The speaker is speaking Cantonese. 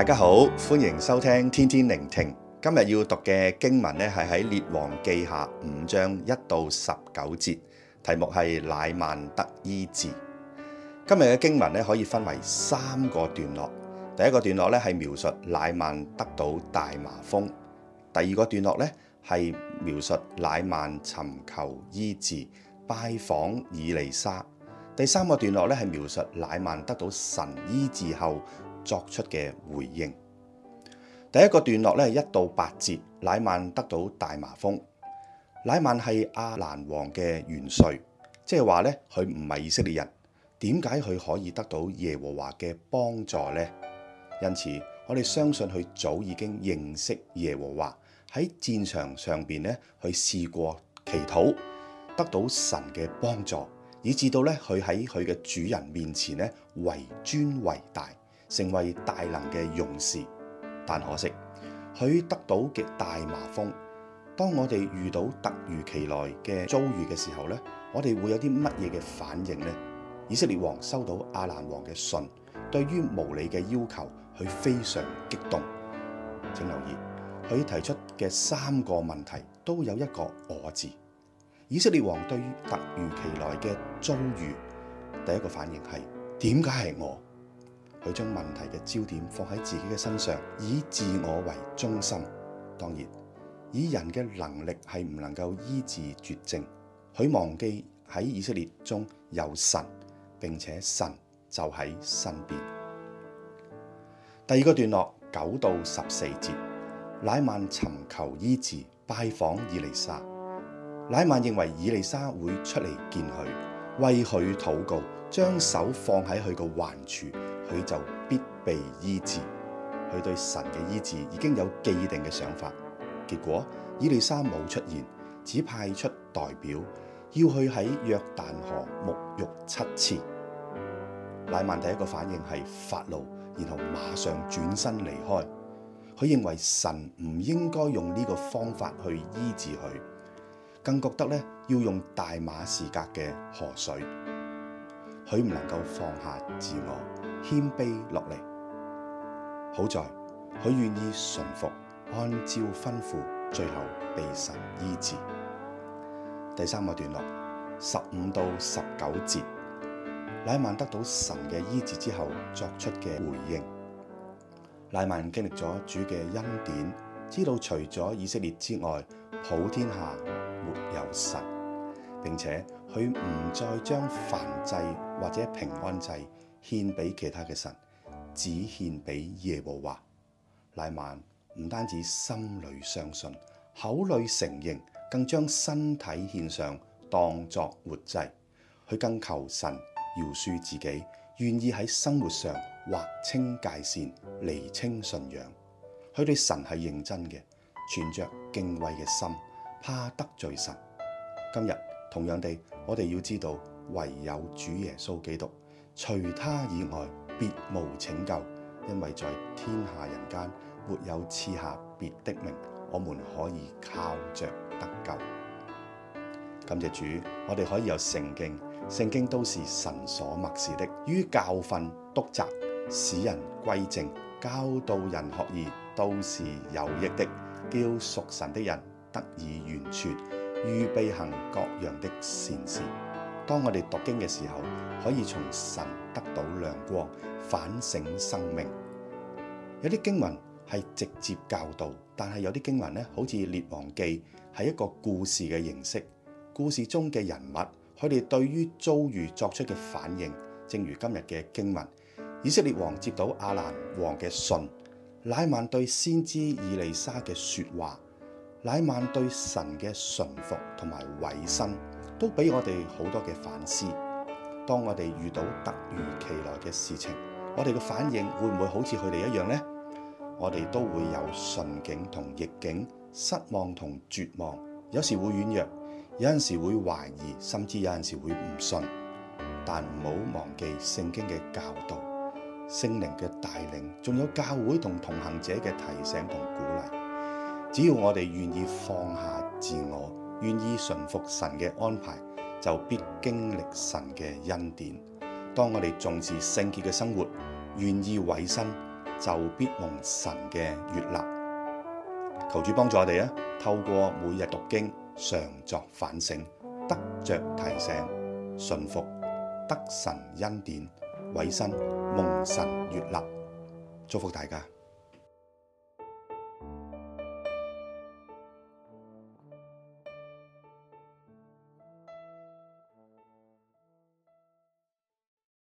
大家好，歡迎收聽天天靈聽。今日要讀嘅經文咧，係喺列王紀下五章一到十九節，題目係乃縵得醫治。今日嘅經文咧可以分為三個段落。第一個段落咧係描述乃縵得到大麻風；第二個段落咧係描述乃縵尋求醫治、拜訪以利沙；第三個段落咧係描述乃縵得到神醫治後作出嘅回應。第一個段落咧，一到八節，乃縵得到大麻風。乃縵係亞蘭王嘅元帥，即係話咧，佢唔係以色列人，點解佢可以得到耶和華嘅幫助呢？因此我哋相信佢早已經認識耶和華，喺戰場上邊呢，佢試過祈禱得到神嘅幫助，以至到呢，佢喺佢嘅主人面前呢，為尊為大。成為大能嘅勇士，但可惜佢得到嘅大麻風。當我哋遇到突如其來嘅遭遇嘅時候呢，我哋會有啲乜嘢嘅反應呢？以色列王收到亞蘭王嘅信，對於無理嘅要求，佢非常激動。請留意，佢提出嘅三個問題，都有一個我字。以色列王對於突如其來嘅遭遇，第一個反應係點解係我？佢將問題嘅焦點放喺自己嘅身上，以自我為中心。當然，以人嘅能力係唔能夠醫治絕症。佢忘記喺以色列中有神，並且神就喺身邊。第二個段落九到十四節，乃縵尋求醫治，拜訪以利沙。乃縵認為以利沙會出嚟見佢。為佢禱告，將手放喺佢個患處，佢就必被醫治。佢對神嘅醫治已經有既定嘅想法。結果，以利沙冇出現，只派出代表要佢去喺約旦河沐浴七次。乃縵第一個反應係發怒，然後馬上轉身離開。佢認為神唔應該用呢個方法去醫治佢。更覺得咧要用大馬士革嘅河水，佢唔能夠放下自我，謙卑落嚟。好在佢願意順服，按照吩咐，最後被神醫治。第三個段落，十五到十九節，乃縵得到神嘅醫治之後作出嘅回應。乃縵經歷咗主嘅恩典，知道除咗以色列之外，普天下，沒有神，並且佢唔再將燔祭或者平安祭獻俾其他嘅神，只獻俾耶和華。乃縵唔單止心裏相信，口裏承認，更將身體獻上當作活祭。佢更求神饒恕自己，願意喺生活上劃清界線，釐清信仰。佢對神係認真嘅，存着敬畏嘅心，怕得罪神。今日同樣地，我哋要知道唯有主耶穌基督，除他以外，別無拯救。因為在天下人間，沒有賜下別的名，我們可以靠着得救。感謝主，我哋可以有聖經，聖經都是神所默示的，於教訓、督責、使人歸正、教導人學義，都是有益的，叫屬神的人。得以完全，預備行各樣的善事。當我哋讀經嘅時候，可以從神得到亮光，反省生命。有啲經文係直接教導，但係有啲經文呢，好似《列王紀》，係一個故事嘅形式。故事中嘅人物，佢哋對於遭遇作出嘅反應，正如今日嘅經文：以色列王接到亞蘭王嘅信，乃縵對先知以利沙嘅說話。乃縵對神嘅順服同埋委身，都俾我哋好多嘅反思。當我哋遇到突如其來嘅事情，我哋嘅反應會唔會好似佢哋一樣呢？我哋都會有順境同逆境，失望同絕望，有時會軟弱，有陣時會懷疑，甚至有陣時會唔信。但唔好忘記聖經嘅教導、聖靈嘅帶領，仲有教會同同行者嘅提醒同鼓勵。只要我哋願意放下自我，願意順服神嘅安排，就必經歷神嘅恩典。當我哋重視聖潔嘅生活，願意委身，就必蒙神嘅悅納。求主幫助我哋啊！透過每日讀經，常作反省，得着提醒，順服，得神恩典，委身，蒙神悅納。祝福大家。